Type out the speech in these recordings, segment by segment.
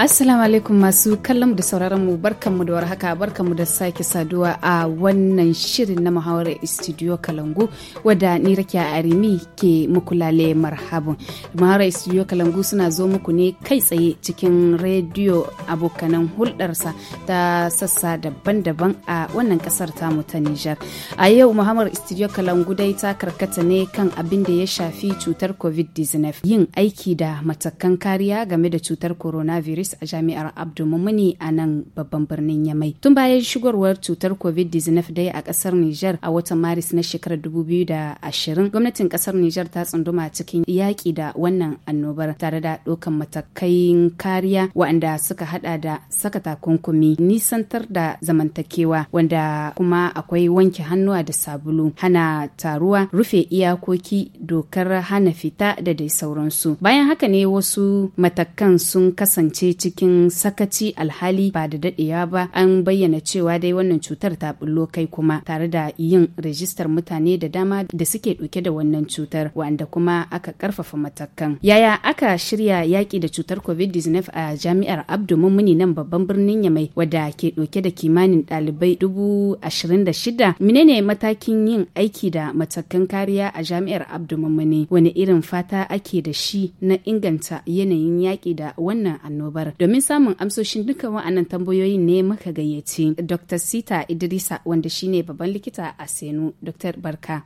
Assalamu alaikum masu kallon da sauraron mu barkanmu da warhaka barkanmu da sake saduwa a wannan shirin na muhawarar studio Kalangu wadda ni a Arimi ke muku lale marhabun. Muhawarar studio Kalangu suna zo muku ne kai tsaye cikin rediyo abokanan hulɗarsa ta sassa daban-daban a wannan ƙasar tamu ta Nijar. A yau muhawarar studio Kalangu dai ta karkata ne kan abin da ya shafi cutar COVID-19 yin aiki da matakan kariya game da cutar coronavirus a jami'ar Abdu Mumuni a nan babban birnin Yamai. Tun bayan shigarwar cutar COVID-19 dai a ƙasar Nijar a watan Maris na shekarar dubu biyu da ashirin, gwamnatin ƙasar Nijar ta tsunduma cikin yaƙi da wannan annobar tare da ɗaukan matakai kariya waɗanda suka haɗa da saka takunkumi, nisantar da zamantakewa wanda kuma akwai wanke hannuwa da sabulu, hana taruwa, rufe iyakoki, dokar hana fita da dai sauransu. Bayan haka ne wasu matakan sun kasance cikin sakaci alhali ba da daɗewa ba an bayyana cewa dai wannan cutar ta bullo kai kuma tare da yin rajistar mutane da dama da suke ɗauke da wannan cutar wanda kuma aka karfafa matakan. Yaya aka shirya yaki da cutar COVID-19 a jami'ar Abdu Mummuni nan babban birnin Yamai wadda ke ɗauke da kimanin ɗalibai dubu ashirin da shida. Menene matakin yin aiki da matakan kariya a jami'ar Abdu Mummuni? Wani irin fata ake da shi na inganta yanayin yaƙi da wannan annobar? Domin samun amsoshin dukkan wa'annan tambayoyin ne muka gayyaci Dr. Sita Idrisa wanda shine babban likita a Senu. Dr. Barka.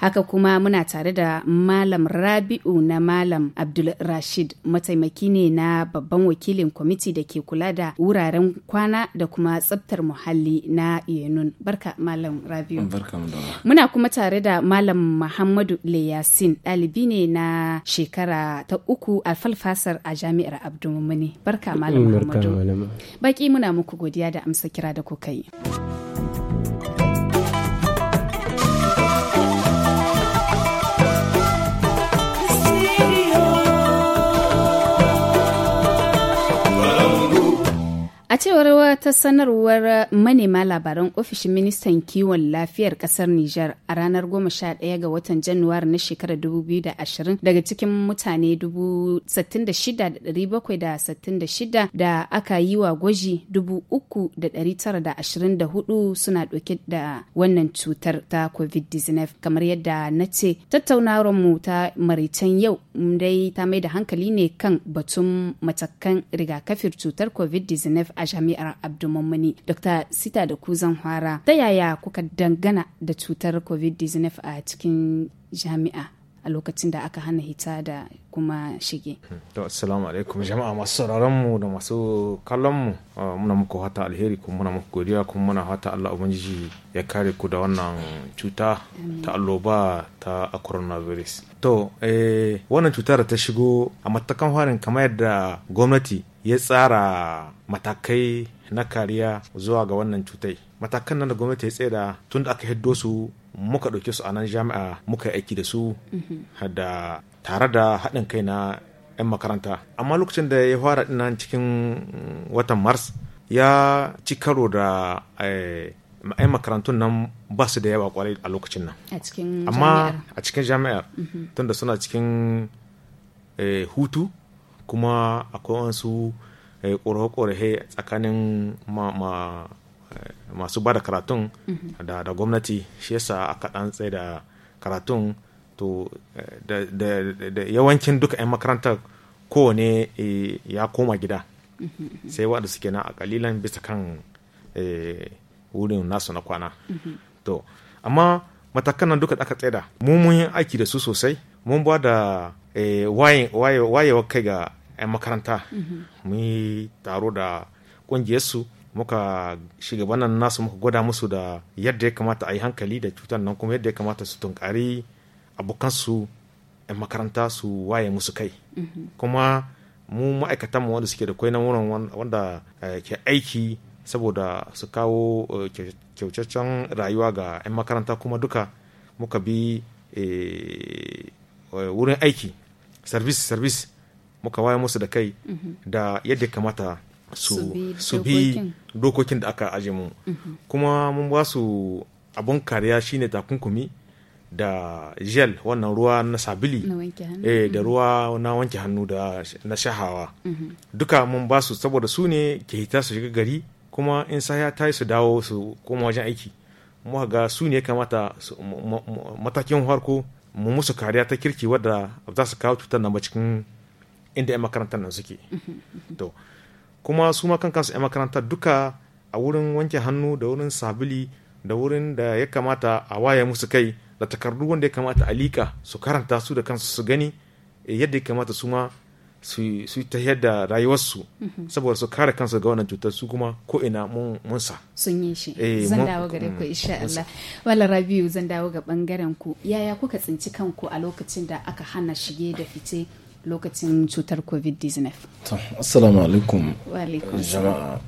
Haka kuma muna tare da Malam Rabi'u na Malam Abdul Rashid mataimaki ne na babban wakilin kwamiti da ke kula da wuraren kwana da kuma tsabtar muhalli na Yenun. Barka Malam Rabi'u. Muna kuma tare da Malam Muhammadu Leyasin ɗalibi ne na shekara ta uku a falfasar a jami'ar Abdulmumuni. barka malam mm, muhammadu baki muna muku godiya da amsa kira da kuka yi cewar wata sanarwar manema labaran ofishin ministan kiwon lafiyar kasar Nijar a ranar 11 ga watan Januwari na shekarar 2020 daga cikin mutane 66,766 da aka yi wa gwaji 3,924 suna ɗauke da wannan cutar ta COVID-19 kamar yadda na ce tattaunawarmu ta maritan yau dai ta mai da hankali ne kan batun matakan rigakafin cutar COVID-19 a jami'ar abdulmumuni dr sita da ku zan fara ta yaya kuka dangana da cutar covid-19 a cikin jami'a a lokacin da aka hana hita da kuma shige. To assalamu alaikum jama'a masu sauraron mu da masu kallon mu ah, muna muku hata alheri kuma muna muku godiya kuma muna hata Allah ubangiji ya kare ku da wannan cuta ta alloba ta coronavirus. To eh wannan cutar ta shigo a matakan farin kamar yadda gwamnati ya tsara matakai na kariya zuwa ga wannan cutai matakan nan da gwamnati ya tsada tun da aka hiddo su muka ɗauke su a nan jami'a muka yi aiki da su mhm. da tare da haɗin kai na 'yan makaranta amma lokacin da ya fara ɗinan cikin watan mars ya ci karo da 'yan eh, makarantun nan ba su da yawa kwarai a lokacin nan amma a cikin jami'ar mhm. tunda suna cikin eh, hutu kuma akwai wasu eh, ƙorafe-ƙorafe tsakanin eh, masu ba mhm. da karatun da gwamnati shi yasa aka ɗan tsaye da karatun to eh, da yawancin duka 'yan makaranta kowane ya koma gida mhm. sai waɗanda suke na a kalilan bisa kan wurin nasu na kwana mhm. to amma matakan nan duka aka tsaye mu mun yi aiki da su sosai mun ba da eh, wayewa kai ga 'yan makaranta mhm. mun yi taro da ƙungiyarsu muka shugabannin nasu muka gwada musu da yadda ya kamata a yi hankali da cutar nan kuma yadda ya kamata su tunkari abokansu 'yan makaranta su waye musu kai mhm. kuma mu mu wanda suke da kwai na wurin wanda eh, ke aiki saboda su kawo eh, kyaucaccen rayuwa ga 'yan makaranta kuma duka muka bi Eh, wurin aiki service service muka waya musu da kai mhm. da yadda kamata su bi dokokin da aka aje mu mhm. kuma mun ba su abun kariya shine takunkumi da gel wannan ruwa na sabili eh da mhm. ruwa na wanke hannu da na shahawa duka mun ba su saboda su ne ke hita su shiga gari kuma in saya ta su dawo su koma wajen aiki mu ga su ne kamata matakin farko mu musu kariya ta kirki wadda za su kawo cutar nan ba cikin inda 'yan makarantar nan suke to kuma su ma kansu 'yan makarantar duka a wurin wanke hannu da wurin sabili da wurin da ya kamata a waya musu kai da takardu wanda ya kamata a liƙa su karanta su da kansu su gani eh, yadda ya kamata su ma su ta yadda rayuwarsu mhm. saboda su kare kansu ga wannan cutar su kuma ko ina mun sa sun yi shi eh, zan dawo gare ku mm, insha Allah wala rabiu zan dawo ga bangaren ku yaya kuka tsinci kanku a lokacin da aka hana shige da fice lokacin cutar covid-19 assalamu alaikum eh, jama'a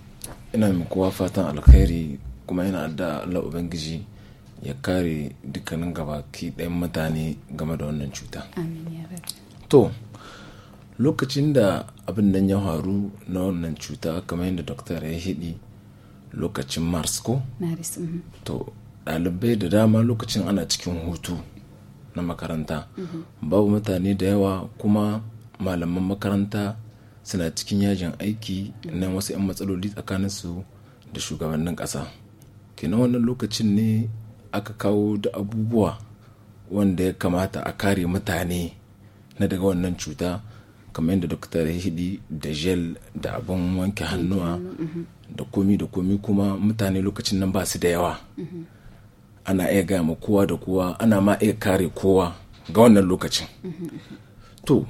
ina kowa fatan alkhairi kuma ina da Allah ubangiji ya kare dukkanin gaba ki ɗayan mutane game da wannan cuta to lokacin da abin nan ya faru na wannan cuta kamar yadda doktor ya hidi lokacin mars ko mhm. to ɗalibai da dama lokacin ana cikin hutu na makaranta mhm. babu mutane da yawa kuma malaman makaranta suna cikin yajin aiki na wasu 'yan matsaloli tsakaninsu da shugabannin ƙasa kena wannan lokacin ne aka kawo da abubuwa wanda ya kamata a kare mutane na daga wannan cuta kamar da doktor hidi da gel da abin wanke hannuwa da komi da komi kuma mutane lokacin nan ba su da yawa ana iya gaya ma kowa da kowa ana ma iya kare kowa ga wannan lokacin to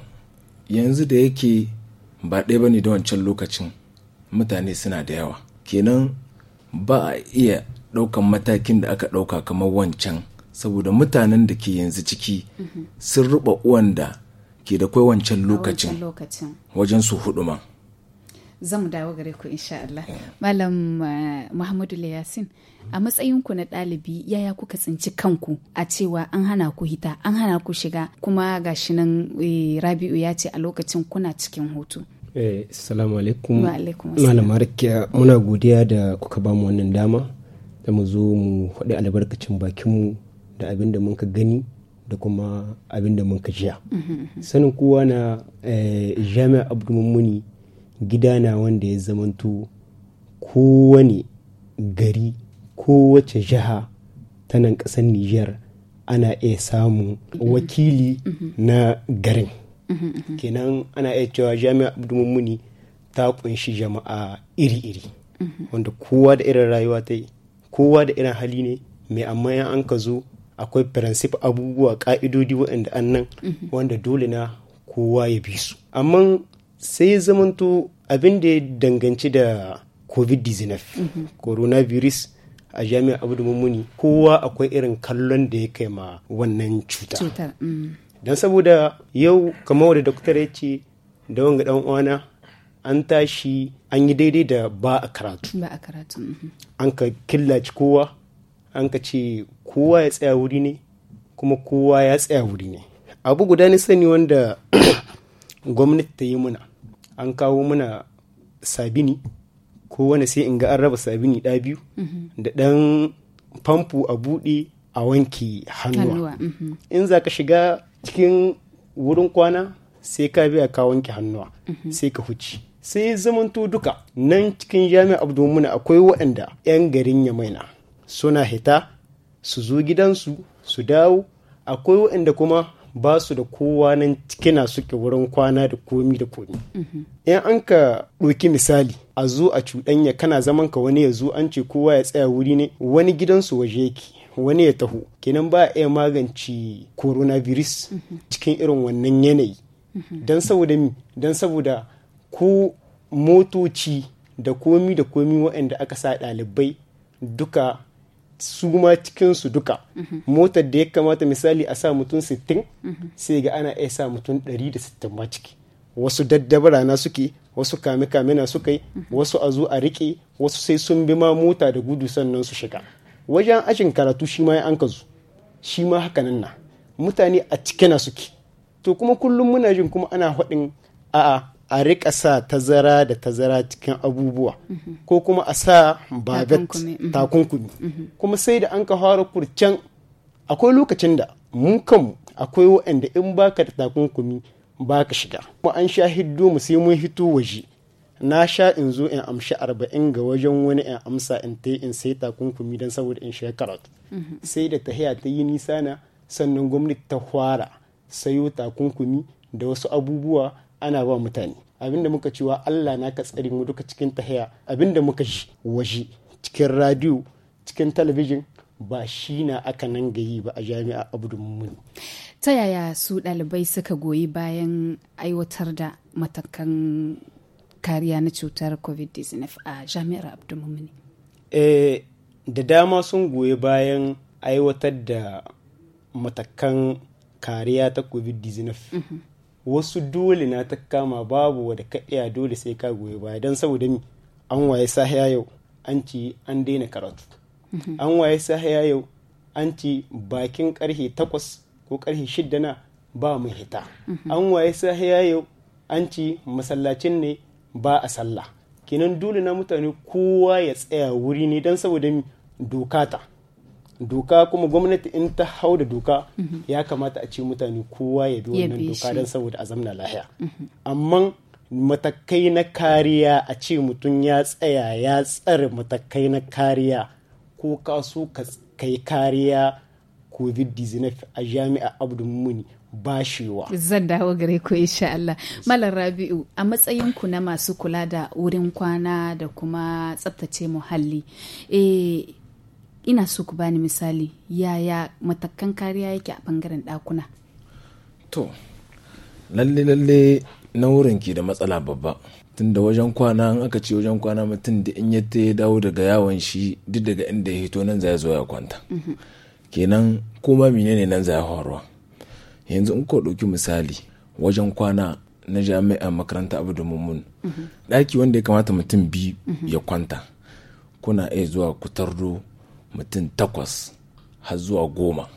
yanzu da yake ba ɗaya ba ne da wancan lokacin mutane suna da yawa kenan ba a iya ɗaukan matakin da aka ɗauka kamar wancan saboda mutanen da ke yanzu ciki sun ruɓa uwan da ke da kai wancan lokacin wajen su hudu ma zan mu dawo gare ku insha Allah malam eh, Muhammadu Layasin a matsayinku na ɗalibi yaya kuka tsinci kanku a cewa an hana ku hita an hana ku shiga kuma gashi nan eh, Rabi'u ya ce a lokacin kuna cikin hutu eh, Assalamu alaikum malam Marikiya muna godiya da kuka ba mu wannan dama da mu zo mu faɗi albarkacin bakinmu da abin da mun ka gani da kuma abin da mun kashiya sanin kowa na eh, jami'a muni. gida na wanda ya zamantu. kowane gari kowace jiha ta nan ƙasar niger ana iya samun wakili na garin kenan ana iya cewa jami'a muni. ta kunshi jama'a iri-iri wanda kowa da irin rayuwa ta yi kowa da irin hali ne mai amma an ka zo akwai faransif abubuwa ka'idodi waɗanda annan mhm. wanda dole na kowa ya bi su amma sai zamanto abin da ya danganci da covid-19 mhm. coronavirus a jami'ar abu mummuni kowa akwai irin kallon da ya kai ma wannan cuta mm. don saboda yau kamar wadda doktor ya ce da wanga dan uwana an tashi an yi daidai da ba a karatu mhm. an ka killaci kowa an ka ce kowa ya tsaya wuri ne kuma kowa ya tsaya wuri ne abu guda ne sani wanda gwamnati ta yi muna an kawo muna sabini ko wani sai in ga an raba sabini ɗa biyu mhm. da ɗan famfo a buɗe a wanke hannuwa mhm. in za ka shiga cikin wurin kwana sai ka biya ka wanke hannuwa mhm. sai ka huci sai zamanto duka nan cikin jami'a abdomuna akwai waɗanda 'yan garin yamaina suna hita su zo gidansu su dawo akwai waɗanda kuma ba su da kowa nan cikina suke wurin kwana da komi da komi mhm. in an ka ɗoki misali a zo a cuɗanya kana zaman ka wani ya zo an ce kowa ya tsaya wuri ne wani gidansu waje yake wani ya taho kenan ba a iya magance coronavirus mhm. cikin irin wannan yanayi mhm. don saboda mi don saboda ko motoci da komi da komi waɗanda aka sa ɗalibai duka su ma cikinsu duka motar da ya kamata misali a sa mutum sittin sai ga ana iya sa mutum 160 ma ciki wasu daddabara na suke wasu kame kame na suka yi wasu a zo a rike wasu sai sun bi ma mota da gudu sannan su shiga wajen ajin karatu shi ma ya an kazu shi ma haka nan na mutane a cike na suke to kuma kullum muna jin kuma ana haɗin a'a a riƙa sa tazara da tazara cikin abubuwa ko kuma a sa babet takunkumi mhm. Mhm. kuma sai da an ka fara kurcen akwai lokacin da mun kanmu akwai waɗanda in baka da takunkumi baka shiga kuma an sha hiddo mu sai mun hito waje na sha in zo in amshi arba'in ga wajen wani in amsa in ta in sai takunkumi don saboda in sha karatu mhm. sai da tahiya ta yi nisa na sannan gwamnati ta fara sayo takunkumi da wasu abubuwa ana ba mutane abinda muka cewa Allah na ka tsari mu duka cikin tahiya abinda muka shi waje cikin radio cikin talabijin ba shi na aka nan gayi ba a jami'a abu muni ta yaya su ɗalibai suka goyi bayan aiwatar da matakan kariya na cutar covid-19 a jami'ar abdulmumini e, eh, da dama sun goyi bayan aiwatar da matakan kariya ta covid-19 mm -hmm. wasu dole na ta kama babu wadda kaɗaya dole sai ka goyi baya don saboda mi an waye sahiya yau an ci an daina karatu mhm. an waye sahiya yau an ci bakin karhe takwas ko karhe shidda na ba mu hita mhm. an waye sahiya yau an ci masallacin ne ba a sallah kenan dole na mutane kowa ya tsaya wuri ne don saboda mi doka ta doka kuma gwamnati in ta hau da doka ya kamata a ce mutane kowa ya bi wannan doka don saboda a zamna lahiya mhm. amma matakai na kariya a ce mutum ya tsaya ya tsare matakai na kariya ko ka so ka kai kariya covid-19 a jami'a abdul muni bashewa. Zan dawo gare ku insha Allah. Malam Rabi'u a matsayin ku na masu kula da wurin kwana da kuma tsabtace muhalli. Eh ina so ku bani misali yaya matakan kariya yake a bangaren ɗakuna to lalle lalle na wurin ki da matsala babba tun da wajen kwana an aka ce wajen kwana mutum da in ya ya dawo daga yawon shi duk daga inda ya hito nan zai zo ya kwanta mhm. kenan kuma menene nan zai horwa yanzu in ko ɗauki misali wajen kwana na jami'a makaranta abu da mummun mhm. ɗaki wanda ya kamata mutum bi mhm. ya kwanta kuna iya zuwa ku tardo mutum takwas har zuwa goma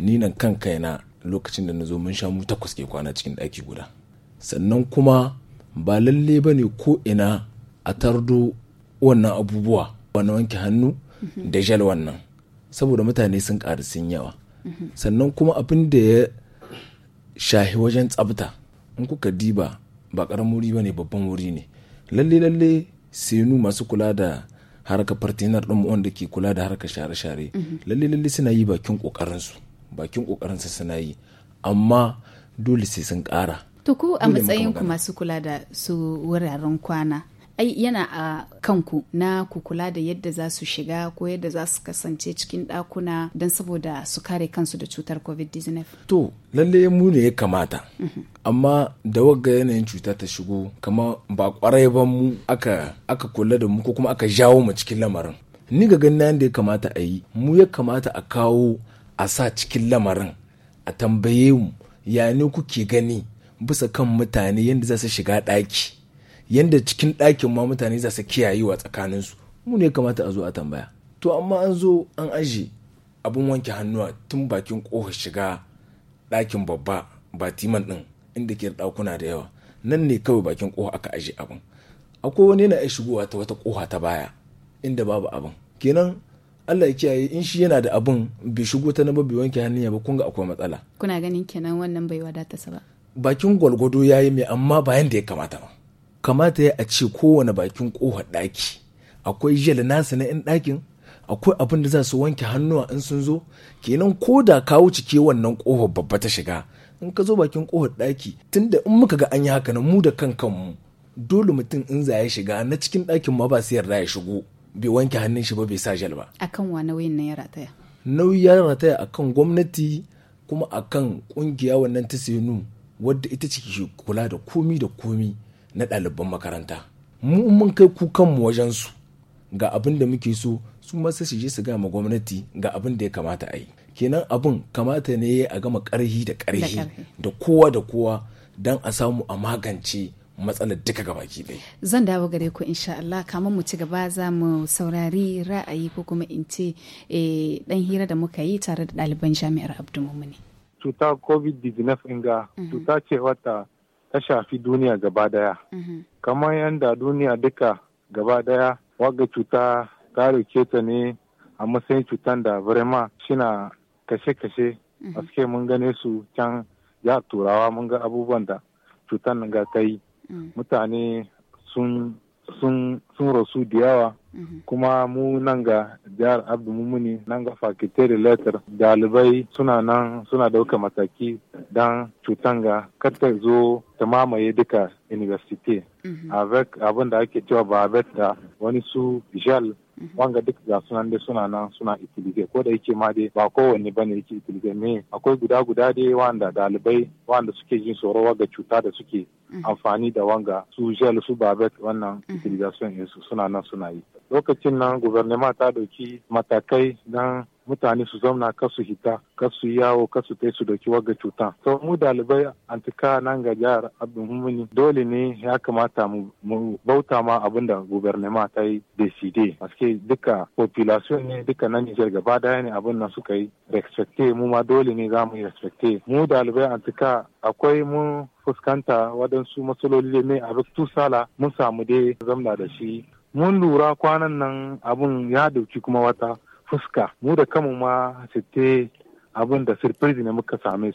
ni nan kan kaina lokacin da na zo mun sha mu takwas ke kwana cikin ɗaki guda sannan kuma ba lalle ba ne ko ina a tardo wannan abubuwa wani wanke hannu da jal wannan saboda mutane sun ƙaru sun yawa sannan kuma abin da ya shahi wajen tsabta in kuka diba ba ƙaramin wuri ba ne babban wuri ne lalle lalle senu masu kula da harkar partinar ɗin wanda ke kula da harkar share-share mhm. lalle lalle suna yi bakin ƙoƙarinsu bakin ƙoƙarinsu suna yi amma dole sai sun ƙara to ku a matsayin masu kula da su wuraren kwana ai yana a kanku na ku kula da yadda za su shiga ko yadda za su kasance cikin ɗakuna don saboda su kare kansu da cutar covid-19 to lalle mu ne ya kamata mhm. amma da wagga yanayin cuta ta shigo kama ba kwarai ba mu aka aka kula da mu ko kuma aka jawo mu cikin lamarin ni ga ganin da ya kamata a yi mu ya kamata a kawo a sa cikin lamarin a tambaye mu ya ne kuke gani bisa kan mutane yadda za su shiga ɗaki yanda cikin ɗakin ma mutane za su wa tsakaninsu mu ne kamata a zo a tambaya to amma an zo an aje abin wanke hannuwa tun bakin ƙofar shiga ɗakin babba ba timan ɗin inda ke ɗakuna da yawa nan ne kawai bakin ƙofa aka aje abin akwai wani yana iya shigowa ta wata ƙofa ta baya inda babu abin kenan Allah ya kiyaye in shi yana da abin bai shigo ta na babu wanke hannuwa ba kun ga akwai matsala kuna ganin kenan wannan bai wadata ba bakin gwalgwado yayi mai amma bayan da ya kamata ba kamata ya a ce kowane bakin kohar daki akwai jel nasa na 'yan dakin akwai abin da za su wanke hannuwa in sun zo kenan ko da ka wuce ke wannan kofar babba ta shiga in ka zo bakin kofar ɗaki tunda in muka ga an yi haka na mu da kan kanmu dole mutum in za ya shiga na cikin dakin ma ba sai yarda ya shigo bai wanke hannun shi ba bai sa jel ba akan wa nauyin na ya rataya nauyi ya rataya akan gwamnati kuma akan kungiya wannan ta sinu wadda ita ce ke kula da komi da komi na ɗaliban makaranta mu mun kai kukanmu wajen su ga abin da muke so su masu su je su gama gwamnati ga abin da ya kamata a yi kenan abin kamata ne a gama ƙarhi da ƙarhi da kowa da kowa don a samu a magance matsalar duka ga baki ɗaya. Zan dawo gare ku insha Allah kamar mu ci gaba za mu saurari ra'ayi ko kuma in ce eh, ɗan hira da muka yi tare da ɗaliban jami'ar Abdul Mumini. Cuta COVID-19 ga mhm. cuta ce wata ta shafi duniya gaba daya mhm. kamar yadda duniya duka gaba daya waga cuta ta rike ta ne a matsayin cutan da birema shina kashe-kashe mhm. a suke mun gane su can ya turawa mun ga abubuwan da cutan ga ta yi mm. mutane sun rasu da yawa Mhm. kuma mu nan ga jihar abdu mumuni nan ga fakitere letter dalibai suna nan suna dauka mataki don cutan ga ta zo ta mamaye duka university mhm. avec abin da ake cewa ba da wani su gel Mhm. wanga duk ga sunan dai suna nan suna itilige ko da yake ma dai ba kowanne bane yake itilige me akwai guda guda dai wanda dalibai wanda suke jin tsoro ga cuta da suke mhm. amfani da wanga su gel su babet wannan mhm. itilization suna nan suna yi lokacin nan guvernema ta dauki matakai dan mutane su zauna kasu hita kasu yawo kasu tai su doki wagga cuta to mu dalibai antika nan ga jihar abdulmumini dole ne ya kamata mu bauta ma abin da gubernema ta yi decide paske duka population ne duka nan Nijar gaba daya ne abin nan suka yi respecte mu ma dole ne za mu yi respecte mu dalibai antika akwai mu fuskanta waɗansu matsaloli ne a tusala mun samu dai zamna da shi mun lura kwanan nan abun ya dauki kuma wata fuska mu da kanmu ma sitte abin da surprise ne muka same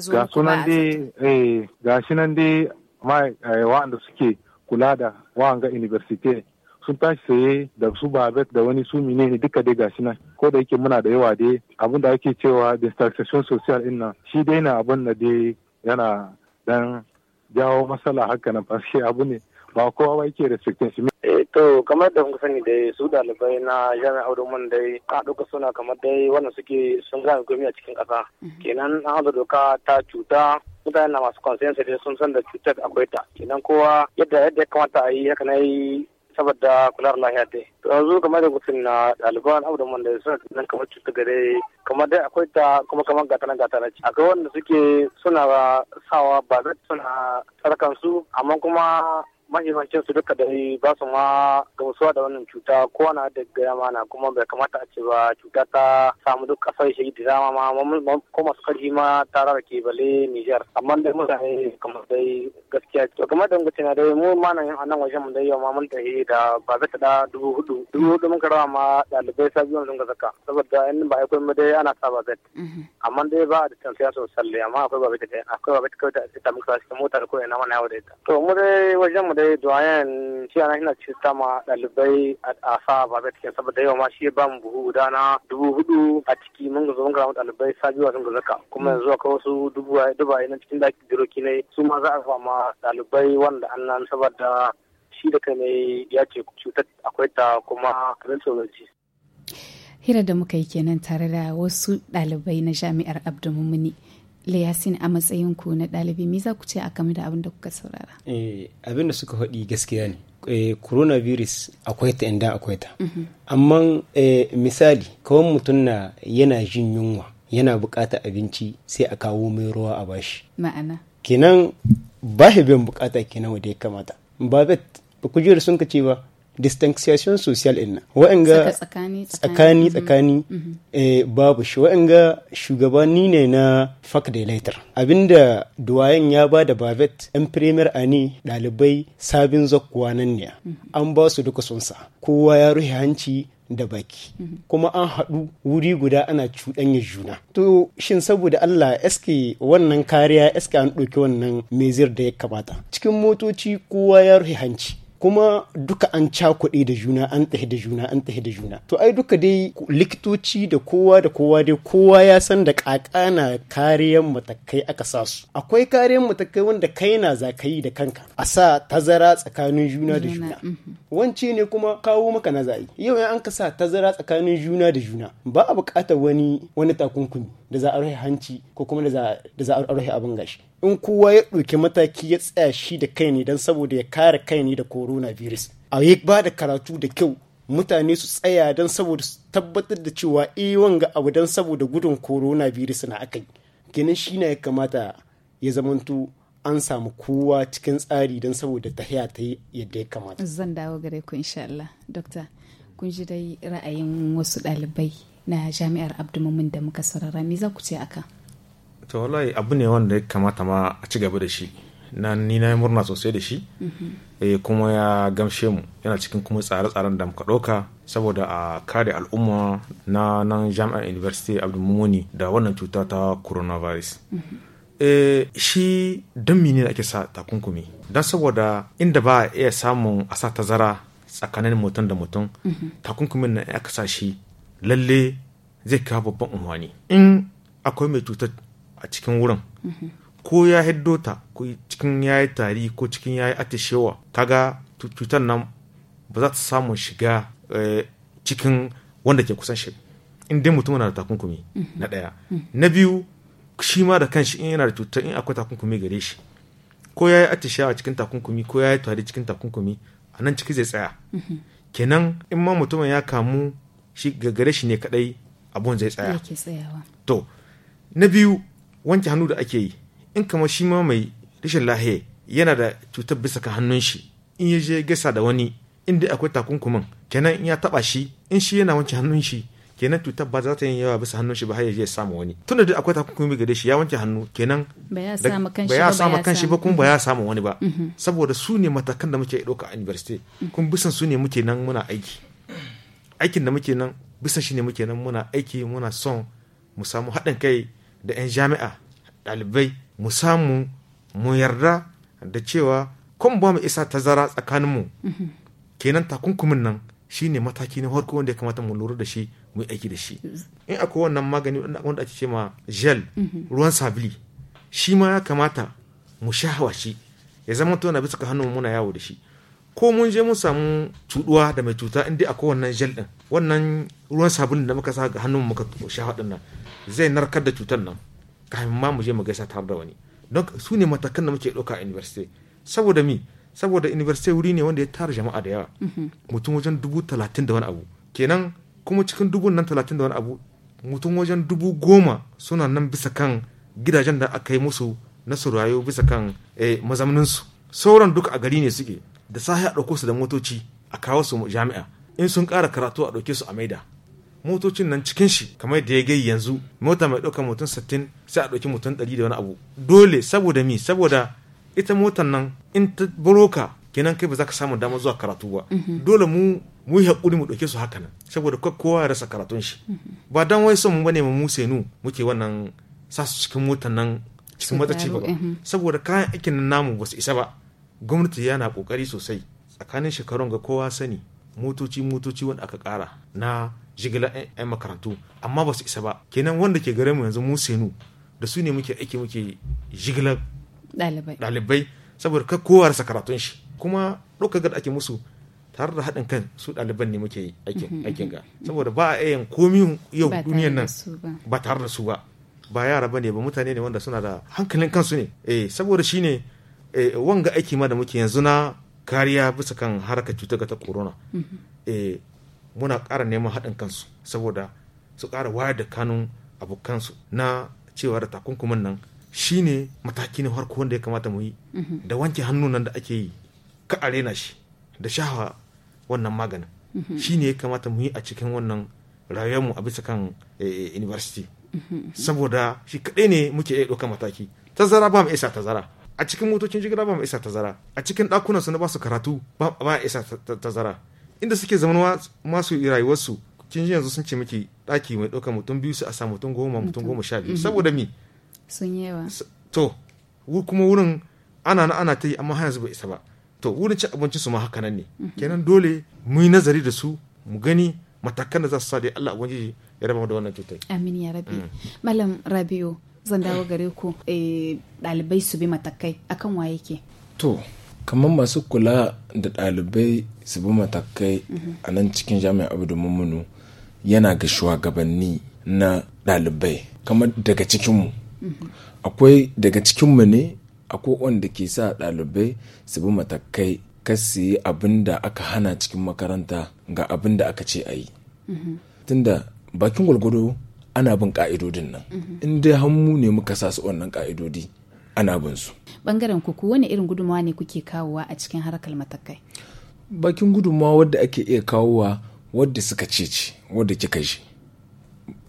su ga sunan dai eh, ga shi nan dai eh, wa'anda suke kula da wa'anga university sun tashi saye da su babet da wani su ne duka dai shi nan ko da yake muna da yawa dai abin da ake cewa distraction social din nan shi dai na abin da dai yana dan jawo matsala haka na fashe abu ne ba kowa ba yake restricting shi eh, to kamar da kuka sani dai su dalibai na jami'a domin dai ka ɗauka suna kamar dai wannan suke sun ga gomi a cikin ƙasa mhm. kenan an haɗa doka ta cuta mutane na masu consensus dai sun san da cutar akwai ta kenan kowa yadda yadda ya kamata a yi haka na yi saboda kular lafiya dai to yanzu kamar da gutun na ɗaliban abu da dai suna nan kamar cuta gare kamar dai akwai ta kuma kamar gata gata na akwai wanda suke suna sawa ba zai suna tsarkan su amma kuma mahimmancin su duka da ba su ma gamsuwa da wannan cuta ko na da gaya mana kuma bai kamata a ce ba cuta ta samu duk kasar shi da zama ma ko masu karfi ma tara da ke bale Nijar amma da mutane kamar dai gaskiya to kamar da mutane dai mu ma nan a nan wajen mu dai yau ma mun tafi da ba za ta da dubu hudu dubu hudu mun karawa ma dalibai sabiyon sun ga zaka saboda in ba akwai mu dai ana sa ba zai mm-hmm. amma dai ba da tansiya sosai amma akwai ba zai akwai ba zai kawai ta muka sa mota da ko ina mana yawo da ita to mu dai wajen mu dai duwayen shi ana ina ce sama dalibai a sa ba zai cikin saboda yau ma shi ba mu buhu guda na dubu hudu a ciki mun ga zuwa zuwan garamu ɗalibai sabiwa sun zaka kuma yanzu akwai wasu dubaye na cikin daki biroki ne su ma za a ba ma dalibai wanda an nan saboda shi da kai ne ya ce cutar akwai ta kuma kamar sauransu. Hira da muka yi kenan tare da wasu ɗalibai na jami'ar Abdulmumuni. Liyasin a matsayin ku na ɗalibi me za ku ce a game da abin da kuka saurara? Eh, abin da suka faɗi gaskiya ne. Eh, coronavirus akwai ta inda akwai ta. Mhm. Amma eh, misali, kawai mutum na yana jin yunwa, yana buƙatar abinci sai a kawo mai ruwa a bashi. Ma'ana. Kenan ba shi biyan buƙata kenan wanda ya kamata. Babet, ba ku sun ka ce ba, distinction social ɗin nan wa'anga tsakani tsakani mm-hmm. Mm-hmm. Eh, babu shi wa'anga shugabanni ne na fak da later abinda duwayen ya ba da bavet yan premier ani ɗalibai sabin zakkuwa nan ne mm-hmm. an ba su duka sunsa kowa ya rufe hanci da baki kuma an haɗu wuri guda ana cuɗanya juna to shin saboda Allah eske wannan kariya eske an ɗauki wannan mezir da ya kamata cikin motoci kowa ya rufe hanci kuma duka an cakuɗe da juna an tsaye da juna an tsaye da juna to ai duka dai likitoci da kowa da kowa dai kowa ya san da na kariyar matakai aka sa su akwai kariyan matakai wanda kai na zakayi da kanka a sa tazara tsakanin juna da juna mhm. wance ne kuma kawo maka na za'i yau an ka sa tazara tsakanin juna da juna ba a buƙatar wani wani takunkumi da za a rufe hanci ko kuma da za a rufe abin gashi in kowa ya ɗauki mataki ya tsaya shi da kai ne don saboda ya kare kai ne da coronavirus a yi ba da karatu da kyau mutane su tsaya don saboda su tabbatar da cewa eh wanga abu don saboda gudun coronavirus na aka yi ginin shi ne ya kamata ya zamanto an samu kowa cikin tsari don saboda tahiya ta yi yadda ya kamata zan dawo gare ku insha Allah dokta kun ji dai ra'ayin wasu ɗalibai na jami'ar abdulmumin da muka sarara me za ku ce akan to wallahi abu ne wanda ya kamata ma a ci gaba da shi na ni na yi murna sosai da shi mm-hmm. eh kuma ya gamshe mu yana cikin kuma tsare-tsaren da muka ɗauka saboda a kare al'umma na nan jami'ar university abdulmumuni da wannan cuta ta coronavirus mm-hmm. eh shi don mene ake sa takunkumi don saboda inda ba iya samun a sa tazara tsakanin mutum da mutum mm-hmm. takunkumin na aka sa shi lalle zai kawo babban umarni in akwai mai cutar a cikin wurin ko ya hiddo ta ko cikin ya yi tari ko cikin ya yi atishewa kaga cutar nan ba za ta samu shiga eh, cikin wanda ke kusan shi in dai mutum na da takunkumi mhm. na ɗaya mhm. na biyu shi ma da kanshi in yana da cutar in akwai takunkumi gare shi ko ya yi atishewa cikin takunkumi ko ya yi tari cikin takunkumi a nan ciki zai tsaya mhm. kenan in ma mutumin ya kamu shi gare shi ne kadai abun zai tsaya to na biyu wanke hannu da ake yi in kamar shi ma mai rashin lahiya yana da cutar bisa ka hannun shi in ya je gaisa da wani in dai akwai takunkumin kenan in ya taba shi in shi yana wanke hannun shi kenan cutar ba za ta yi yawa bisa hannun shi ba har ya je ya samu wani tunda dai akwai takunkumi gare shi ya wanke hannu kenan ba ya samu kanshi ba kuma ba ya samu wani ba mm-hmm. saboda su ne matakan da muke ɗauka a university mm-hmm. kun bisan su ne muke nan muna aiki aikin da muke nan bisa shi ne muke nan muna aiki muna son mu samu haɗin kai da 'yan jami'a ɗalibai mu samu mu yarda da cewa kun ba mu isa tazara tsakaninmu mm-hmm. kenan takunkumin nan shi ne mataki na farko wanda ya kamata mu lura da shi mu yi aiki da shi in akwai wannan magani wanda ake ce ma gel mm-hmm. ruwan sabili shi ma ya kamata mu sha shi ya zama to na bisa ka hannun muna yawo da shi ko mun je mun samu cuduwa da mai cuta inda akwai wannan gel din wannan ruwan sabulin da muka sa ga hannun muka sha din nan zai narkar da cutar nan kafin ma mu je mu gaisa tare da wani don su ne matakan da muke ɗauka a university saboda mi saboda university wuri ne wanda ya tara jama'a da yawa mhm. mutum wajen dubu talatin da wani abu kenan kuma cikin dubu nan talatin da wani abu mutum wajen dubu goma suna nan bisa kan gidajen da aka yi musu na saurayo bisa kan eh, mazamninsu sauran duka a gari ne suke da sahi a ɗauko su da motoci a kawo su jami'a in sun ƙara karatu a ɗauke su a maida motocin nan cikin shi kamar da ya gai yanzu mota mai ɗaukar mutum sittin sai a ɗauki mutum ɗari da wani abu dole saboda mi saboda ita motan nan in ta baroka kenan kai ba za ka samu damar zuwa karatu ba mhm. dole mu mu yi haƙuri mu ɗauke su haka nan saboda kowa ya rasa karatun shi mhm. ba dan wai son mu bane mu Musenu muke wannan sa su cikin motan nan cikin matsaci ba mhm. saboda kayan aikin namu ba su isa ba gwamnati yana ƙoƙari sosai tsakanin shekarun ga kowa sani motoci motoci wanda aka ƙara na jigila 'yan makarantu amma ba su isa ba kenan wanda ke gare mu yanzu mu senu da su ne muke aiki muke jigila. ɗalibai saboda ka kowa rasa karatun shi kuma ɗaukar gada ake musu tare da haɗin kan su ɗaliban ne muke aikin mhm. ga saboda ba a yin komi yau duniyan nan ba tare da su ba ba yara ba ne ba mutane ne wanda suna da hankalin kansu ne eh saboda shine ne eh, wanga aiki ma da muke yanzu na kariya bisa kan harkar cutar ta corona mhm. eh muna ƙara neman haɗin kansu saboda su ƙara wayar da kanun abokansu na cewa da takunkumin nan shine mataki na farko wanda ya kamata mu yi mhm. da wanke hannu nan da ake yi ka a rena shi da shahawa wannan maganin mhm. shine ya kamata mu yi a cikin wannan rayuwarmu a bisa kan eh, eh, university mhm, saboda shi kaɗai ne muke iya ɗaukar mataki tazara ba mu isa tazara a cikin motocin jigila ba mu isa tazara a cikin ɗakunan su na ba su karatu ba mu isa tazara inda suke zama masu rayuwarsu kin ji yanzu sun ce miki daki mai ɗaukar mutum biyu su a sa mutum goma mutum goma sha biyu mhm. saboda mi sun yawa to kuma wurin ana na ana ta yi amma hanyar yanzu bai isa ba to wurin cin abinci su ma haka nan ne mhm. kenan dole mu yi nazari da su mu gani matakan da za su sa dai Allah ubangiji ya raba da wannan cutar amin ya rabi mm. malam rabiu zan dawo mm. gare ku eh, ɗalibai su bi matakai akan waye ke. to kamar masu kula da ɗalibai su bi matakai a nan cikin jami'a abu mummunu yana ga shugabanni na ɗalibai kamar daga cikinmu akwai daga cikinmu ne akwai wanda ke sa ɗalibai su bi matakai kasi abin da aka hana cikin makaranta ga abin da aka ce a yi tunda bakin gwalgwado ana bin ka'idodin nan in dai hannu ne muka sa su wannan ka'idodi ana bin su bangaren ku wani irin gudunmawa ne kuke kawowa a cikin harkar matakai bakin gudunmawa wadda ake iya kawowa wadda suka ce ce wadda kika ji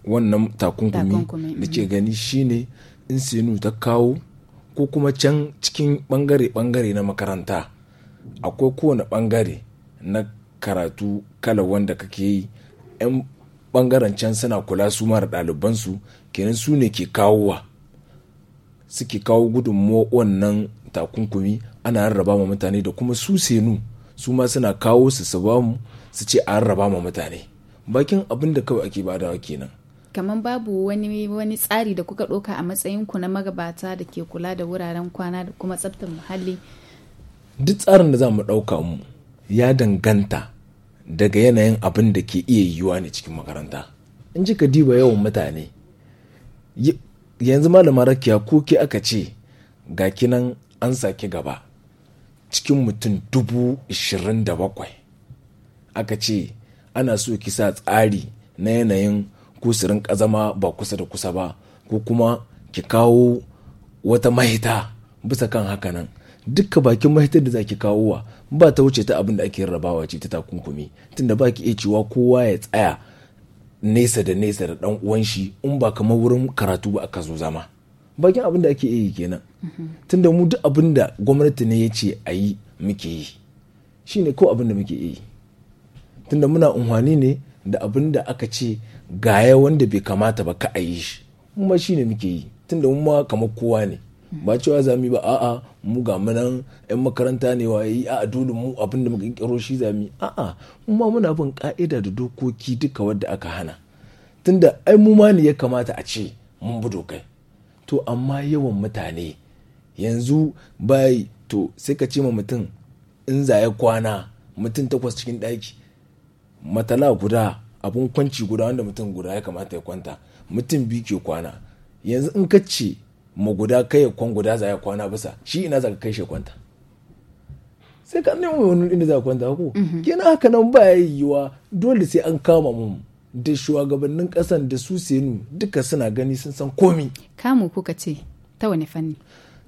wannan takunkumi da mm. ke gani shine in sinu ta kawo ko kuma can cikin bangare-bangare na makaranta akwai kowane bangare na karatu kala wanda kake yi 'yan bangaren can suna kula su mara ɗalibansu kenan su ne ke kawowa suke kawo gudunmuwa wannan takunkumi ana rarraba ma mutane da kuma su senu su ma suna kawo su su su ce a rarraba ma mutane bakin abin da kawai ake badawa kenan kamar babu wani wani tsari da kuka ɗauka a matsayin ku na magabata da ke kula da wuraren kwana da kuma tsaftar muhalli duk tsarin da za mu ɗauka mu ya danganta daga yanayin abin da ke iya yiwuwa ne cikin makaranta in ji ka diba yawan mutane yanzu malama rakiya ko ke aka ce ga kinan an sake gaba cikin mutum dubu ishirin da bakwai aka ce ana so ki sa tsari na yanayin kusurin kazama ba kusa da kusa ba ko kuma ki kawo wata mahita bisa kan haka nan dukka bakin mahitar da za ki kawo wa ba ta wuce ta abin da ake rabawa ce ta takunkumi tunda ba ki iya cewa kowa ya tsaya nesa da nesa da dan uwan shi in ba kamar wurin karatu ba aka zo zama bakin abin da ake yi kenan tunda mu duk abin da gwamnati ne ya ce a yi muke yi shine ko abin da muke yi tunda muna unhwani ne da abin da aka ce gaya wanda bai kamata ba ka a yi shi mu ma shine muke yi tunda mu ma kamar kowa ne ba cewa za mu ba a'a mu ga munan yan makaranta ne wa yi a dole mu abin da muka kiro shi zami a'a mu ma muna bin ka'ida da dokoki duka wadda aka hana tunda ai mu ma ne ya kamata a ce mun bi dokai to amma yawan mutane yanzu bai to sai ka ce ma mutum in za ya kwana mutum takwas cikin ɗaki matala guda abun kwanci guda wanda mutum guda ya kamata ya kwanta mutum biyu ke kwana yanzu in ka ce mu guda kai kwan guda za ya kwana bisa shi ina za ka kai shi kwanta sai ka nemi wani inda za kwanta ko mhm. kina haka nan ba yiwuwa dole sai an kama mu da shugabannin kasan da su senu duka suna gani sun san komi kamu kuka ce ta wani fanni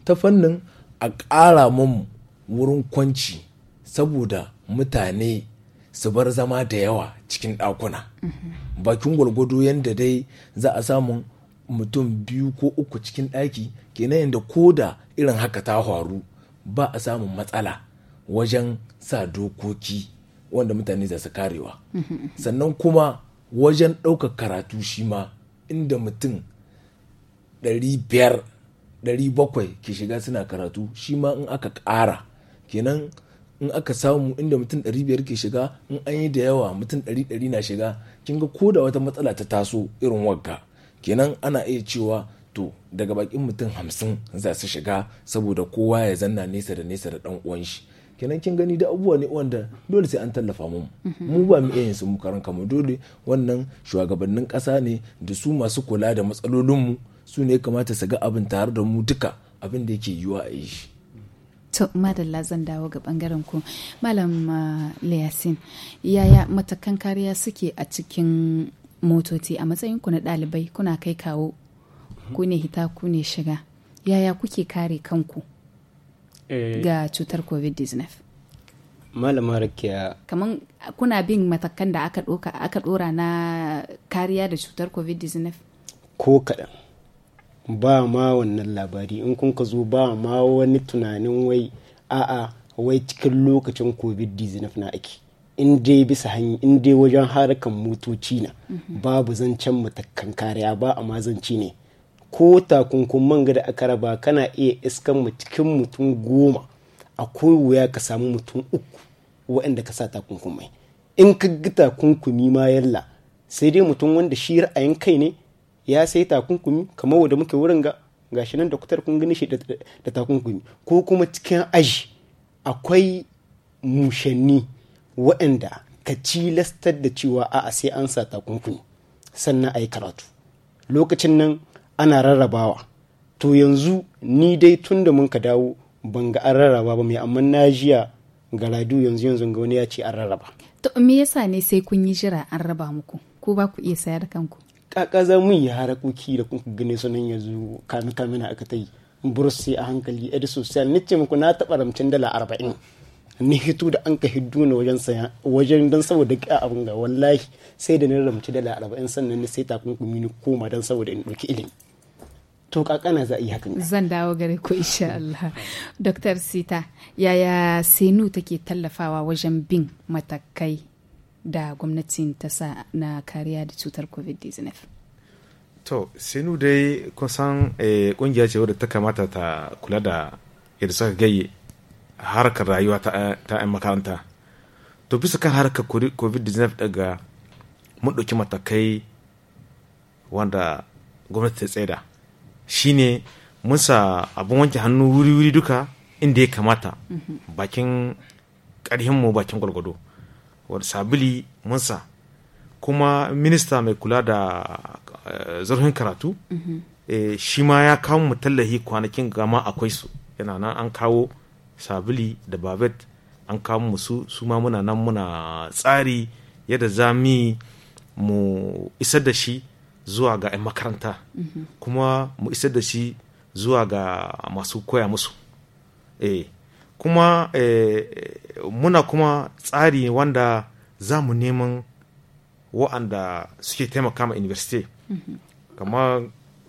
ta fannin a ƙara mun wurin kwanci saboda mutane su bar zama da yawa cikin ɗakuna mhm. bakin gwalgwado yadda dai za a samu. mutum biyu ko uku cikin ɗaki kenan yadda ko da irin haka ta faru ba a samun matsala wajen sa dokoki wanda mutane za su karewa sannan kuma wajen ɗaukar karatu shi ma inda mutum 500 700 ke shiga suna karatu shi ma in aka ƙara kenan in aka samu inda mutum 500 ke shiga in an yi da yawa mutum 100 na shiga kin ga ko da wata matsala ta taso irin wagga kenan ana iya cewa to daga bakin mutum hamsin za su shiga saboda kowa ya zanna nesa da nesa da dan uwan shi kenan kin gani da abubuwa ne wanda dole sai an tallafa mu mhm. mu ba mu iya su mu karan mu dole wannan shugabannin kasa ne da su masu kula da matsalolin mu su ne kamata su ga abin tare da mu duka abin da yake yiwa a yi to madalla zan dawo ga bangaren ku malam uh, yaya matakan kariya suke a cikin motoci a matsayin ku na ɗalibai kuna kai kawo ku ne hita ku ne shiga yaya kuke kare kanku eh. ga cutar covid-19 malama rakiya kaman kuna bin matakan da aka ɗora aka ɗora na kariya da cutar covid-19 ko kaɗan ba ma wannan labari in kun ka zo ba ma wani tunanin wai a'a wai cikin lokacin covid-19 na ake in dai bisa hanyar in dai wajen harakan motoci na mhm. babu zancen matakan kariya ba amma zanci ne ko takunkuman ga da aka raba kana iya iskan mu cikin mutum goma akwai wuya ka samu mutum uku waɗanda ka sa mai in ka ga takunkumi ma yalla sai dai mutum wanda shi ra'ayin kai ne ya sai takunkumi kamar wanda muke wurin ga gashi nan da kun gani shi da takunkumi ko kuma cikin aji akwai mushanni waɗanda ka cilastar da cewa a'a sai an sa takunkumi sannan a yi karatu lokacin nan ana rarrabawa to yanzu ni dai tun da mun ka dawo ban ga an rarraba ba mai amma na jiya ga radu yanzu yanzu ga wani ya ce an rarraba to me yasa ne sai kun yi jira an raba muku ko ba ku iya sayar kanku kaka za mu yi harakoki da kuka gane sunan yanzu kami kame na aka ta yi burus sai a hankali edison sai na ce muku na taɓa ramcin dala arba'in ni hito da an ka hiddu ne wajen saya wajen don saboda ka abin ga wallahi sai da ni ramci dala arba'in sannan sai takunkumi ni koma don saboda in ɗauki ilimi to kakana za a yi hakan zan dawo gare ku insha Allah Dr. Sita yaya Senu take tallafawa wajen bin matakai da gwamnatin ta sa na kariya da cutar COVID-19 to Senu dai san kungiya eh, ce wadda ta kamata ta kula da irsa gayye. harkar rayuwa ta 'yan makaranta to bisa kan harkar covid-19 daga mun ɗauki matakai wanda gwamnati ta tsaida shine mun sa abin wanke hannu wuri-wuri duka inda ya kamata mhm. bakin ƙarhinmu bakin gwalgwado wadda sabili mun sa kuma minista mai kula da eh, zurfin karatu mhm. eh, shi ma ya kawo mu tallahi kwanakin gama akwai su yana nan an kawo sabili da babet an kama musu su ma muna nan muna tsari yadda za mu isar da shi zuwa ga 'yan makaranta mhm. kuma mu isar da shi zuwa ga masu koya musu e, kuma eh, muna kuma tsari wanda za mu neman wa'anda suke taimaka ma university mhm. kamar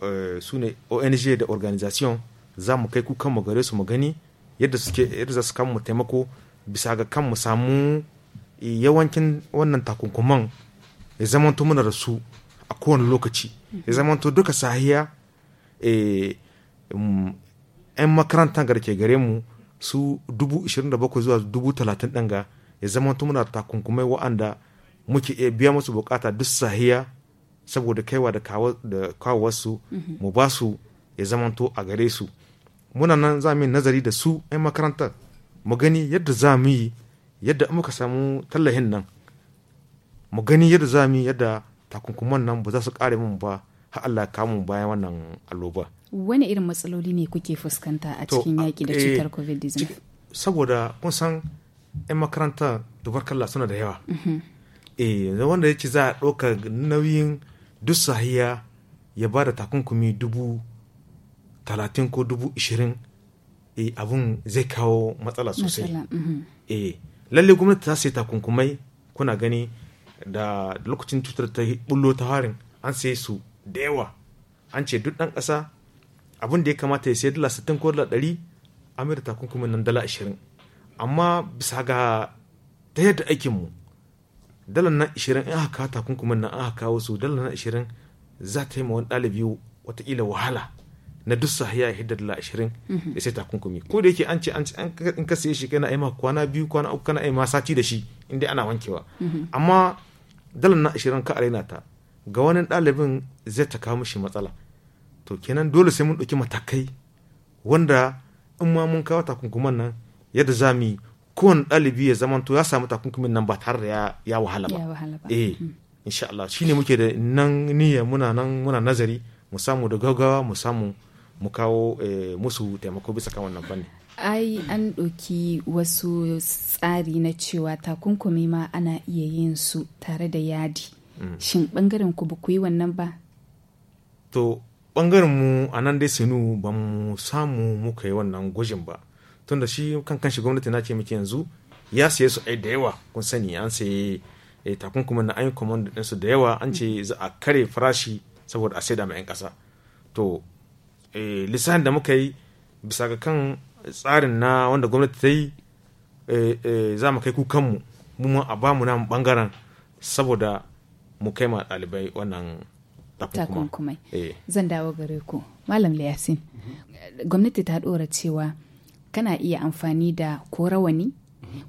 e, eh, su ne ong da organization za mu kai kukan mu gare su mu gani yadda suke yadda za su kanmu taimako bisa ga kan mu samu yawancin wannan takunkuman ya zamanto muna da su a kowane lokaci ya zamanto duka sahiya yan eh, mm, makarantar da ke gare mu su dubu ishirin da bakwai zuwa dubu talatin ɗanga ya zamanto muna da takunkumai wa'anda muke iya biya musu bukata duk sahiya saboda kaiwa da kawo wasu mhm. mu ba su ya zamanto a gare su muna nan za mu nazari da su 'yan makarantar mu gani yadda za mu yi yadda muka samu tallahin nan mu gani yadda za mu yi yadda takunkuman nan ba za su kare mun ba har Allah ya kamu bayan wannan alloba wani irin matsaloli ne kuke fuskanta a cikin yaki da eh, cutar covid-19 saboda kun san 'yan makaranta tubarkalla suna da yawa mhm. eh wanda ya ce za a ɗauka nauyin duk sahiya ya ba da takunkumi dubu talatin ko dubu ishirin e, abun zai kawo matsala sosai e, lalle gwamnati ta sai takunkumai kuna gani da lokacin cutar ta bullo ta harin an sai su da yawa an ce duk ɗan ƙasa abin da ya kamata ya sai dala sittin ko dala ɗari an mai takunkumin nan dala ashirin amma bisa ga ta yadda aikinmu dalar nan ashirin in aka takunkumin nan aka kawo su dala nan ashirin za ta yi ma wani ɗalibi watakila wahala na duk sahiya ya hidda dala ashirin mhm. ya sai takunkumi ko da yake an ce in ka siye shi kana aima kwana biyu kwana uku kana aima sati da shi inda ana wankewa mhm. amma dalan na ashirin ka arena ta ga wani ɗalibin zai ta kawo mishi matsala to kenan dole sai mun ɗauki matakai wanda in ma mun kawo takunkuman nan yadda za mu kowane ɗalibi ya zamanto ya samu takunkumin nan ba tare da ya wahala ba eh mhm. insha Allah shine muke da nan niyya muna nan muna nazari mu samu da gaggawa mu samu mu kawo eh, musu taimako bisa kan wannan fanni ai an ɗauki wasu tsari na cewa takunkumi ma ana iya yin su tare da yadi mm. shin ɓangaren ku ba yi wannan ba to ɓangaren mu a nan dai sinu ba mu samu muka yi wannan gwajin ba tunda shi kan kanshi gwamnati na ce muke yanzu ya siye su ai da yawa kun sani an saye eh, takunkumin na ayyukan command ɗinsu da yawa an ce za a kare farashi saboda a saida ma 'yan ƙasa to Eh, lissahin da muka yi bisa ga kan tsarin na wanda gwamnati ta yi eh, eh, za mu kai kukanmu mu a bamu na bangaren saboda mu kai ma ɗalibai wannan takunkumai zan dawo gare ku malam liyasin gwamnati ta ɗora cewa kana iya amfani da ko rawani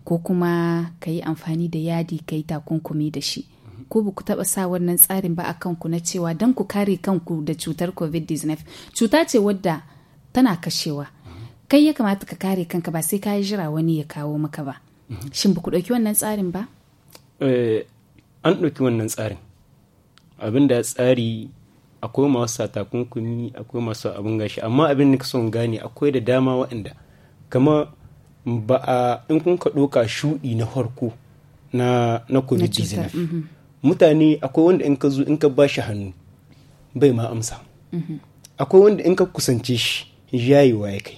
ko kuma ka yi amfani da yadi ka yi takunkumi da shi ko ba ku taɓa sa wannan tsarin ba a kanku na cewa don ku kare kanku da cutar covid-19 cuta ce wadda tana kashewa kai ya kamata ka kare kanka ba sai ka yi jira wani ya kawo maka ba shin ba ku ɗauki wannan tsarin ba eh, an ɗauki wannan tsarin abin da tsari akwai masu takunkumi akwai masu abin gashi amma abin da son gane akwai da dama waɗanda kama ba a in kun ka ɗauka shuɗi na farko na covid-19 mhm. mutane akwai wanda in ka zo in ka ba shi hannu bai ma amsa akwai wanda in ka kusance shi yayewa ya kai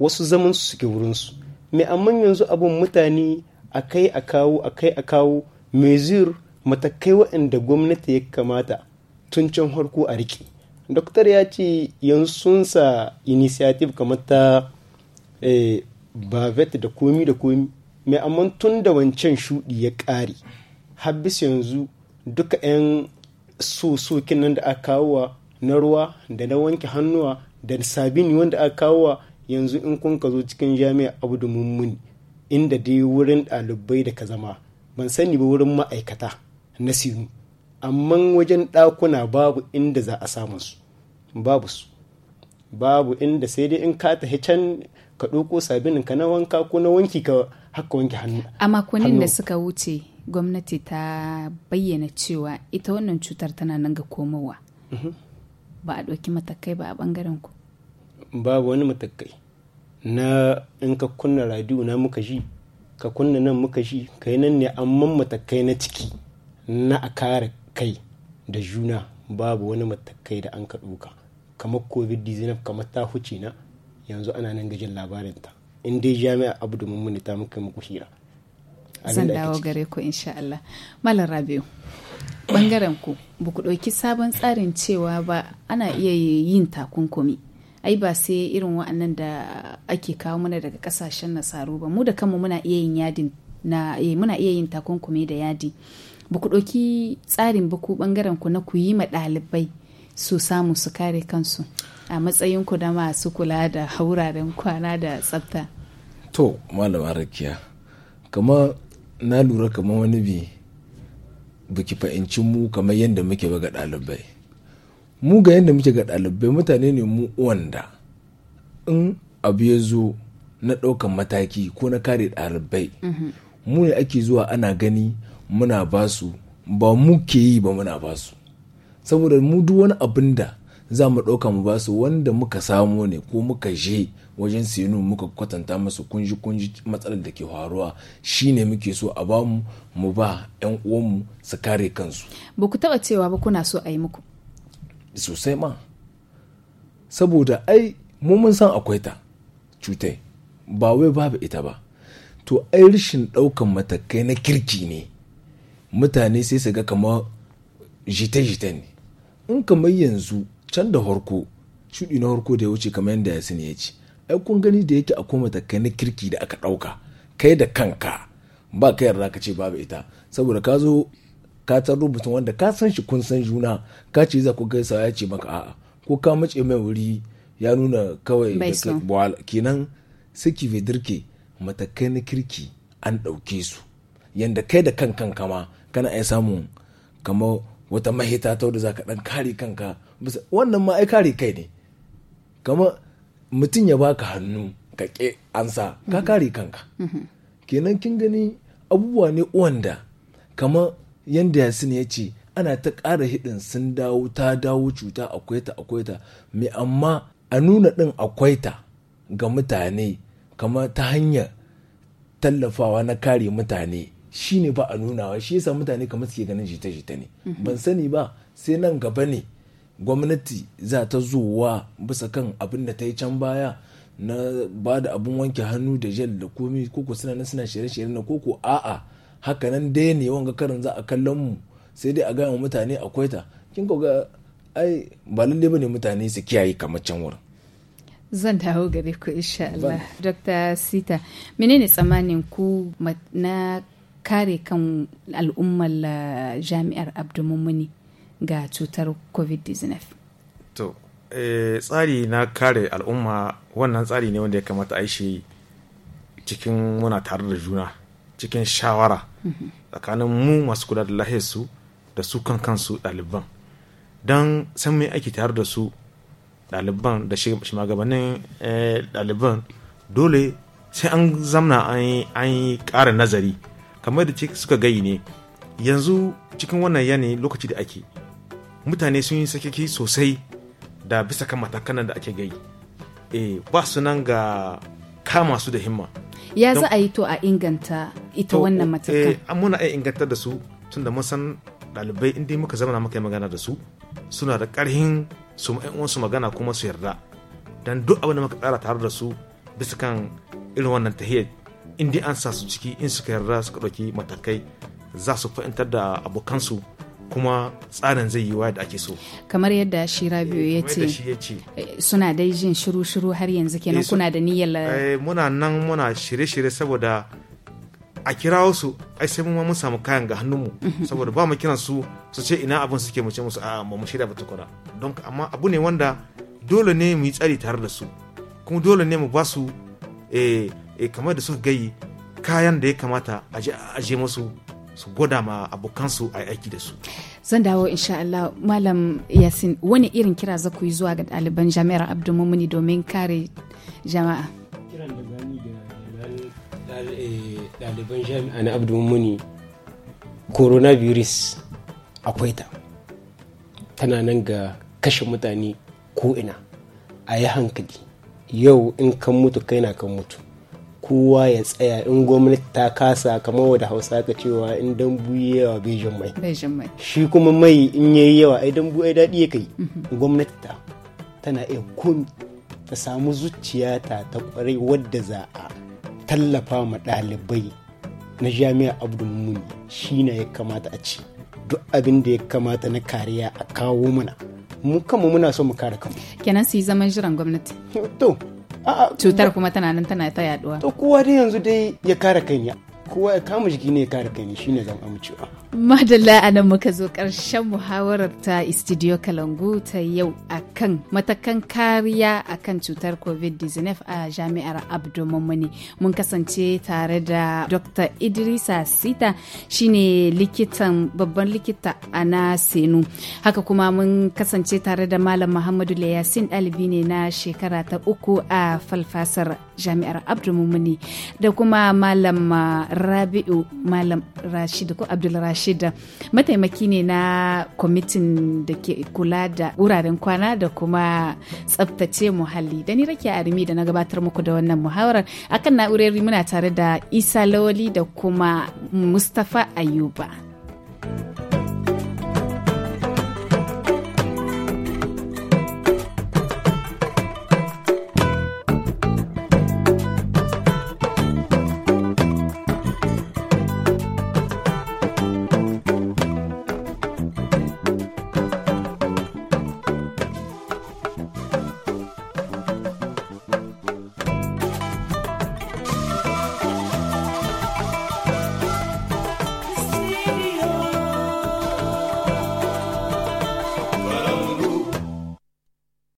wasu zaman su suke su mai amma yanzu abin mutane a kai a kawo a kai a kawo mai zir matakai waɗanda gwamnati ya kamata tun can harko a riƙe doktor ya ce yanzu sun sa initiative kamar ta eh, bavet da komi da komi mai amma tun da wancan shuɗi ya ƙare habis yanzu duka 'yan sosokin nan da aka kawo na ruwa da na wanke hannuwa da sabini wanda aka kawo yanzu in kun ka zo cikin jami'a abu da mummuni inda dai wurin ɗalibai da ka zama ban sani ba wurin ma'aikata na sinu amma wajen ɗakuna babu inda za a samu su babu su babu inda sai dai in ka tafi can ka ɗauko sabinin ka na wanka ko na wanki ka haka wanke hannu a makonin da suka wuce gwamnati ta bayyana cewa ita wannan cutar tana nan ga komowa mhm. ba a ɗauki matakai ba a ɓangaren ku babu wani matakai na in ka kunna radio na muka ji ka kunna nan muka ji kai nan ne amman matakai na ciki na a kare kai da juna babu wani matakai da an ka ɗauka kamar covid-19 kamar ta huce na yanzu ana nan gajin labarinta in dai jami'a abu da mummuni ta muka muku hira zan dawo gare ku insha Allah malam Rabiu bangaren ku ba ku ɗauki sabon tsarin cewa ba ana iya yin takunkumi ai ba sai irin wa'annan da ake kawo mana daga ƙasashen nasaru ba mu da kanmu muna iya yin yadin na eh, muna iya yin takunkumi da yadi ba ku ɗauki tsarin ba ku bangaren ku na ku yi ma ɗalibai su samu su kare kansu a matsayin ku da masu kula da hauraren kwana da tsafta to malama rakiya kamar na lura kamar wani bi buki fahimci mu kamar yadda muke ba ga ɗalibai mu ga yadda muke ga ɗalibai mutane ne mu wanda in abu ya zo na ɗaukan mataki ko na kare ɗalibai mu ne ake zuwa ana gani muna basu ba mu ke yi ba muna basu saboda mu duk wani abin da za mu ɗauka mu basu wanda muka samu ne ko muka je wajen sinu muka kwatanta masa kunji kunji matsalar da ke faruwa shine muke so a bamu mu ba yan uwanmu su kare kansu ba ku taba cewa ba kuna so a yi muku sosai ma saboda ai mu mun san akwai ta cutai ba wai babu ita ba to ai rashin ɗaukan matakai na kirki ne mutane sai su ga kamar jita-jita ne in kamar yanzu can da farko shuɗi na farko da ya wuce kamar yadda ya sani ya ce ai kun gani da yake akwai matakai na kirki da aka ɗauka kai da kanka ba ka yarda ka ce babu ita saboda ka zo ka wanda ka san shi kun san juna ka ce za ku sa ya ce maka a'a ko ka mace mai wuri ya nuna kawai kenan saki vedirke matakai na kirki an ɗauke su yanda kai da kan kanka ma kana iya samun kamar wata mahita ta wadda za ka ɗan kare kanka wannan ma ai kare kai ne kamar mutum ya baka hannu ka ke ansa ka kare kanka mm-hmm. kenan kin gani abubuwa ne wanda kamar yadda yasin ya ce ana ta ƙara hidin sun dawo ta dawo cuta akwai ta akwai ta me amma a nuna ɗin akwai ta ga mutane kama ta hanyar tallafawa na kare mutane shi ne ba a nunawa shi yasa mutane kamar suke ganin jita-jita ne mm-hmm. ban sani ba sai nan gaba ne gwamnati za ta zowa bisa kan abin da ta yi can baya na ba da abin wanke hannu da jel da komi koko suna na suna shirye-shirye na koko a'a hakanan dai ne wanga karin za a kallon mu sai dai a gaya wa mutane akwai ta kin ga ai ba lalle bane mutane su kiyaye kamar can wurin zan dawo gare ku insha Allah Dr. Sita menene tsammanin ku na kare kan al'ummar ah, jami'ar Abdulmumuni ga cutar covid-19 to eh, tsari na kare al'umma wannan tsari ne wanda ya kamata a shi cikin muna tare da juna cikin shawara tsakanin mu masu kula da lahiyarsu da su kan kansu ɗaliban don san mai ake tare da su ɗaliban da shugabannin eh, ɗaliban dole sai an zamna an yi ƙara nazari kamar da suka gai ne yanzu cikin wannan yanayi lokaci da ake mutane sun yi sakiki sosai da bisa kan matakanan da ake gai e, ba su nan ga kama su da himma ya za a yi to a inganta ita wannan eh, matakan an eh, muna iya inganta da su tun da san ɗalibai inda muka zama muka yi magana da su suna da ƙarhin su magana kuma su yarda don duk abin da muka tsara tare da su bisa kan irin wannan tahiyar in an sa su ciki in suka yarda suka ɗauki matakai za su fahimtar da abokansu kuma tsarin zai yi wa da ake so kamar yadda shi rabiu eh, ya ce eh, suna dai jin shiru-shiru har yanzu kenan eh, kuna da niyyar muna nan muna shirye-shirye saboda a kira su ai sai mun samu kayan ga hannunmu mhm. saboda ba mu kiran su su ce ina abin suke mu ce musu a mu shirya ba tukuna don amma abu ne wanda dole ne mu yi tsari tare da su kuma dole ne mu ba su kamar da suka gayi kayan da ya kamata a je musu su gwada ma abokansu a aiki da su. Zan dawo insha Allah Malam Yasin wani irin kira za ku yi zuwa ga ɗaliban jami'ar Abdulmumuni domin kare jama'a. Kiran da gani da eh, ɗaliban jami'a na Abdulmumuni coronavirus akwai ta tana nan ga kashe mutane ko ina a yi hankali yau in kan mutu kai na kan mutu kowa ya tsaya in gwamnati ta kasa kamar wadda hausa ka cewa in dambu yawa bejin mai shi kuma mai in yayi yawa ai dambu ai daɗi ya kai mhm. gwamnati ta tana iya kun ta samu zuciya ta ta kwarai wadda za a tallafa ma ɗalibai na jami'ar abdulmuni shi na ya kamata a ci duk abin da ya kamata na kariya a kawo mana mu kama muna so mu kare kanmu kenan su yi zaman jiran gwamnati to cutar kuma tana nan tana ta yaduwa to kowa dai yanzu dai ya kare kanya kowa ya kama jiki ne ya kare kai ne shine zan amincewa madalla a nan muka zo ƙarshen muhawarar ta studio kalangu ta yau akan matakan kariya akan cutar covid-19 a jami'ar abdomomini mun kasance tare da dr idrisa sita shine likitan babban likita a na senu haka kuma mun kasance tare da malam muhammadu layasin ɗalibi ne na shekara ta uku a falfasar jami'ar abdulmumini da kuma malam rabi'u malam rashid ko abdul rashid mataimaki ne na kwamitin da ke kula da wuraren kwana da kuma tsabtace muhalli da ni rake arimi da na gabatar muku da wannan muhawarar akan na'urori muna tare da isa lawali da kuma mustafa ayuba thank you